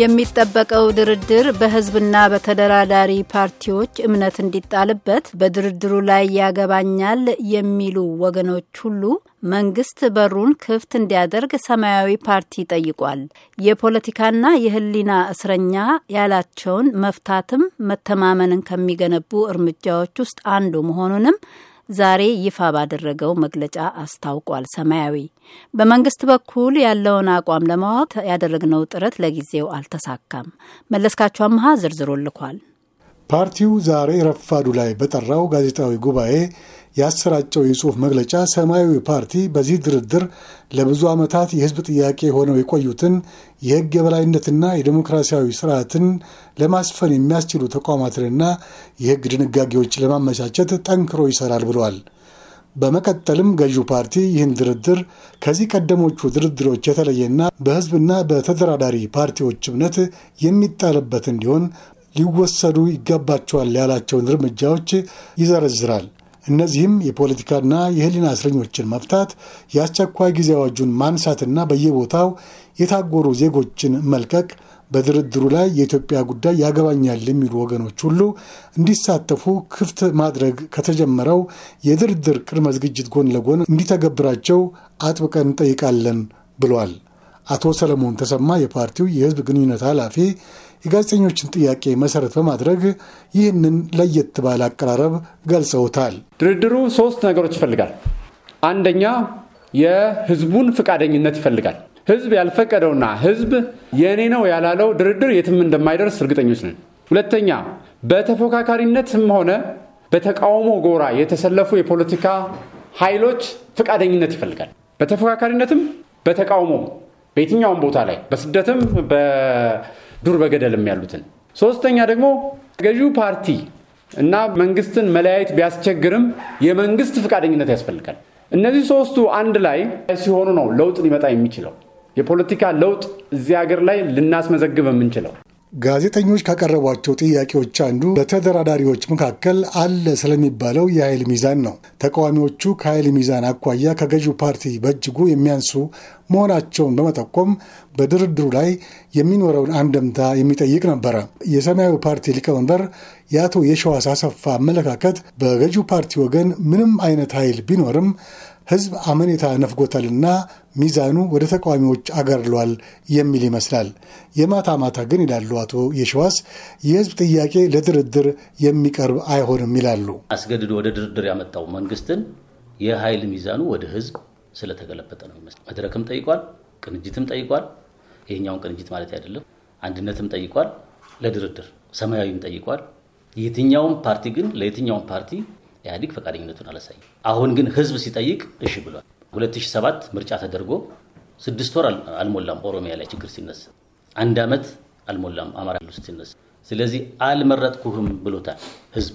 የሚጠበቀው ድርድር በህዝብና በተደራዳሪ ፓርቲዎች እምነት እንዲጣልበት በድርድሩ ላይ ያገባኛል የሚሉ ወገኖች ሁሉ መንግስት በሩን ክፍት እንዲያደርግ ሰማያዊ ፓርቲ ጠይቋል። የፖለቲካና የህሊና እስረኛ ያላቸውን መፍታትም መተማመንን ከሚገነቡ እርምጃዎች ውስጥ አንዱ መሆኑንም ዛሬ ይፋ ባደረገው መግለጫ አስታውቋል። ሰማያዊ በመንግስት በኩል ያለውን አቋም ለማወቅ ያደረግነው ጥረት ለጊዜው አልተሳካም። መለስካቸው አምሃ ዝርዝሮ ልኳል። ፓርቲው ዛሬ ረፋዱ ላይ በጠራው ጋዜጣዊ ጉባኤ ያሰራጨው የጽሑፍ መግለጫ ሰማያዊ ፓርቲ በዚህ ድርድር ለብዙ ዓመታት የሕዝብ ጥያቄ ሆነው የቆዩትን የሕግ የበላይነትና የዴሞክራሲያዊ ስርዓትን ለማስፈን የሚያስችሉ ተቋማትንና የሕግ ድንጋጌዎች ለማመቻቸት ጠንክሮ ይሰራል ብሏል። በመቀጠልም ገዢው ፓርቲ ይህን ድርድር ከዚህ ቀደሞቹ ድርድሮች የተለየና በሕዝብና በተደራዳሪ ፓርቲዎች እምነት የሚጣልበት እንዲሆን ሊወሰዱ ይገባቸዋል ያላቸውን እርምጃዎች ይዘረዝራል። እነዚህም የፖለቲካና የህሊና እስረኞችን መፍታት፣ የአስቸኳይ ጊዜ አዋጁን ማንሳትና በየቦታው የታጎሩ ዜጎችን መልቀቅ፣ በድርድሩ ላይ የኢትዮጵያ ጉዳይ ያገባኛል የሚሉ ወገኖች ሁሉ እንዲሳተፉ ክፍት ማድረግ ከተጀመረው የድርድር ቅድመ ዝግጅት ጎን ለጎን እንዲተገብራቸው አጥብቀን እንጠይቃለን ብሏል። አቶ ሰለሞን ተሰማ የፓርቲው የህዝብ ግንኙነት ኃላፊ የጋዜጠኞችን ጥያቄ መሰረት በማድረግ ይህንን ለየት ባለ አቀራረብ ገልጸውታል። ድርድሩ ሶስት ነገሮች ይፈልጋል። አንደኛ የህዝቡን ፈቃደኝነት ይፈልጋል። ህዝብ ያልፈቀደውና ህዝብ የእኔ ነው ያላለው ድርድር የትም እንደማይደርስ እርግጠኞች ነን። ሁለተኛ በተፎካካሪነትም ሆነ በተቃውሞ ጎራ የተሰለፉ የፖለቲካ ኃይሎች ፈቃደኝነት ይፈልጋል። በተፎካካሪነትም በተቃውሞ በየትኛውም ቦታ ላይ በስደትም በዱር በገደልም ያሉትን። ሶስተኛ ደግሞ ገዢው ፓርቲ እና መንግስትን መለያየት ቢያስቸግርም የመንግስት ፍቃደኝነት ያስፈልጋል። እነዚህ ሶስቱ አንድ ላይ ሲሆኑ ነው ለውጥ ሊመጣ የሚችለው የፖለቲካ ለውጥ እዚህ ሀገር ላይ ልናስመዘግብ የምንችለው። ጋዜጠኞች ካቀረቧቸው ጥያቄዎች አንዱ በተደራዳሪዎች መካከል አለ ስለሚባለው የኃይል ሚዛን ነው። ተቃዋሚዎቹ ከኃይል ሚዛን አኳያ ከገዢው ፓርቲ በእጅጉ የሚያንሱ መሆናቸውን በመጠቆም በድርድሩ ላይ የሚኖረውን አንደምታ የሚጠይቅ ነበረ። የሰማያዊ ፓርቲ ሊቀመንበር የአቶ የሸዋስ አሰፋ አመለካከት በገዢው ፓርቲ ወገን ምንም አይነት ኃይል ቢኖርም ህዝብ አመኔታ ነፍጎታልና ሚዛኑ ወደ ተቃዋሚዎች አገርሏል የሚል ይመስላል። የማታ ማታ ግን ይላሉ አቶ የሸዋስ የህዝብ ጥያቄ ለድርድር የሚቀርብ አይሆንም ይላሉ። አስገድዶ ወደ ድርድር ያመጣው መንግስትን የኃይል ሚዛኑ ወደ ህዝብ ስለተገለበጠ ነው ይመስል። መድረክም ጠይቋል፣ ቅንጅትም ጠይቋል። ይሄኛውን ቅንጅት ማለት አይደለም። አንድነትም ጠይቋል ለድርድር፣ ሰማያዊም ጠይቋል። የትኛውም ፓርቲ ግን ለየትኛውም ፓርቲ ኢህአዲግ ፈቃደኝነቱን አላሳይም። አሁን ግን ህዝብ ሲጠይቅ እሺ ብሏል። 2007 ምርጫ ተደርጎ ስድስት ወር አልሞላም ኦሮሚያ ላይ ችግር ሲነሳ፣ አንድ ዓመት አልሞላም አማራ ውስጥ ሲነሳ። ስለዚህ አልመረጥኩህም ብሎታል ህዝብ።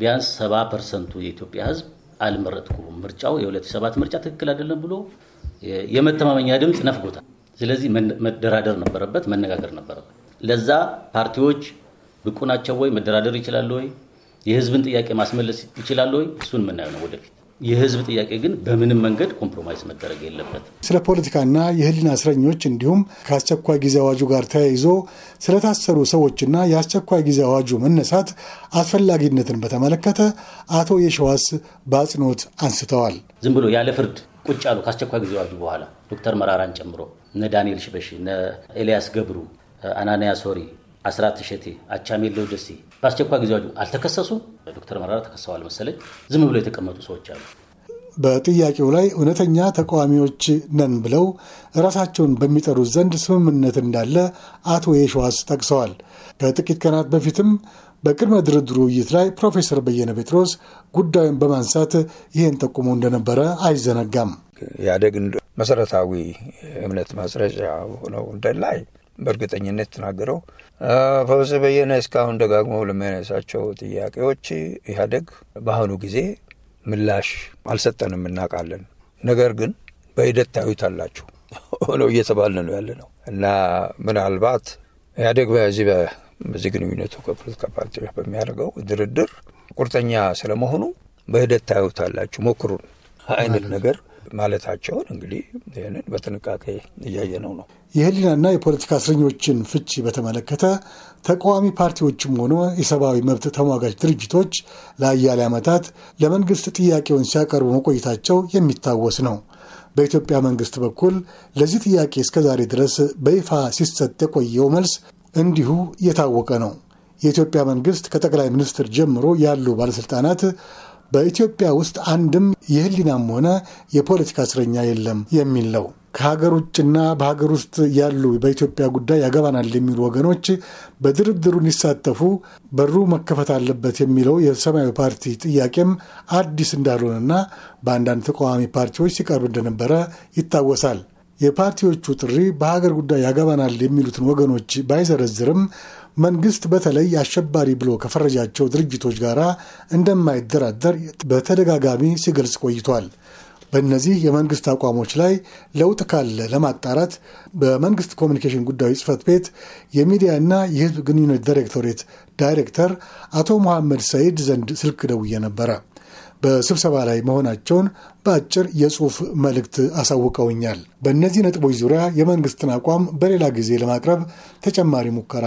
ቢያንስ 70 ፐርሰንቱ የኢትዮጵያ ህዝብ አልመረጥኩም ምርጫው የ2007 ምርጫ ትክክል አይደለም ብሎ የመተማመኛ ድምፅ ነፍጎታል። ስለዚህ መደራደር ነበረበት፣ መነጋገር ነበረበት። ለዛ ፓርቲዎች ብቁ ናቸው ወይ? መደራደር ይችላሉ ወይ? የህዝብን ጥያቄ ማስመለስ ይችላል ወይ? እሱን የምናየው ነው ወደፊት። የህዝብ ጥያቄ ግን በምንም መንገድ ኮምፕሮማይዝ መደረግ የለበትም። ስለ ፖለቲካና የህሊና እስረኞች እንዲሁም ከአስቸኳይ ጊዜ አዋጁ ጋር ተያይዞ ስለታሰሩ ሰዎችና የአስቸኳይ ጊዜ አዋጁ መነሳት አስፈላጊነትን በተመለከተ አቶ የሸዋስ በአጽንኦት አንስተዋል። ዝም ብሎ ያለ ፍርድ ቁጭ ያሉ ከአስቸኳይ ጊዜ አዋጁ በኋላ ዶክተር መራራን ጨምሮ እነ ዳንኤል ሽበሺ፣ እነ ኤልያስ ገብሩ፣ አናንያ ሶሪ አስራት እሸቴ፣ አቻሜለው ደሴ በአስቸኳይ ጊዜ አዋጁ አልተከሰሱም። ዶክተር መራራ ተከሰዋል መሰለኝ። ዝም ብሎ የተቀመጡ ሰዎች አሉ። በጥያቄው ላይ እውነተኛ ተቃዋሚዎች ነን ብለው ራሳቸውን በሚጠሩት ዘንድ ስምምነት እንዳለ አቶ የሸዋስ ጠቅሰዋል። ከጥቂት ቀናት በፊትም በቅድመ ድርድሩ ውይይት ላይ ፕሮፌሰር በየነ ጴጥሮስ ጉዳዩን በማንሳት ይህን ጠቁሞ እንደነበረ አይዘነጋም። ኢህአዴግ መሰረታዊ እምነት ማስረጫ ሆነው እንደላይ በእርግጠኝነት ተናገረው። ፕሮፌሰር በየነ እስካሁን ደጋግመው ለሚያነሳቸው ጥያቄዎች ኢህአዴግ በአሁኑ ጊዜ ምላሽ አልሰጠንም፣ እናውቃለን። ነገር ግን በሂደት ታዩታላችሁ ሆኖ እየተባልን ነው ያለ ነው እና ምናልባት ኢህአዴግ በዚህ በዚህ ግንኙነቱ ከፖለቲካ ፓርቲዎች በሚያደርገው ድርድር ቁርጠኛ ስለመሆኑ በሂደት ታዩታላችሁ ሞክሩን አይነት ነገር ማለታቸውን እንግዲህ ይህንን በጥንቃቄ እያየነው ነው። የህሊናና የፖለቲካ እስረኞችን ፍቺ በተመለከተ ተቃዋሚ ፓርቲዎችም ሆኖ የሰብአዊ መብት ተሟጋች ድርጅቶች ለአያሌ ዓመታት ለመንግስት ጥያቄውን ሲያቀርቡ መቆየታቸው የሚታወስ ነው። በኢትዮጵያ መንግስት በኩል ለዚህ ጥያቄ እስከዛሬ ድረስ በይፋ ሲሰጥ የቆየው መልስ እንዲሁ የታወቀ ነው። የኢትዮጵያ መንግስት ከጠቅላይ ሚኒስትር ጀምሮ ያሉ ባለሥልጣናት በኢትዮጵያ ውስጥ አንድም የህሊናም ሆነ የፖለቲካ እስረኛ የለም የሚል ነው። ከሀገር ውጭና በሀገር ውስጥ ያሉ በኢትዮጵያ ጉዳይ ያገባናል የሚሉ ወገኖች በድርድሩ እንዲሳተፉ በሩ መከፈት አለበት የሚለው የሰማያዊ ፓርቲ ጥያቄም አዲስ እንዳልሆነና በአንዳንድ ተቃዋሚ ፓርቲዎች ሲቀርብ እንደነበረ ይታወሳል። የፓርቲዎቹ ጥሪ በሀገር ጉዳይ ያገባናል የሚሉትን ወገኖች ባይዘረዝርም መንግስት በተለይ አሸባሪ ብሎ ከፈረጃቸው ድርጅቶች ጋር እንደማይደራደር በተደጋጋሚ ሲገልጽ ቆይቷል። በእነዚህ የመንግስት አቋሞች ላይ ለውጥ ካለ ለማጣራት በመንግስት ኮሚኒኬሽን ጉዳዮች ጽህፈት ቤት የሚዲያና የህዝብ ግንኙነት ዳይሬክቶሬት ዳይሬክተር አቶ መሐመድ ሰይድ ዘንድ ስልክ ደውዬ ነበረ። በስብሰባ ላይ መሆናቸውን በአጭር የጽሑፍ መልእክት አሳውቀውኛል። በእነዚህ ነጥቦች ዙሪያ የመንግስትን አቋም በሌላ ጊዜ ለማቅረብ ተጨማሪ ሙከራ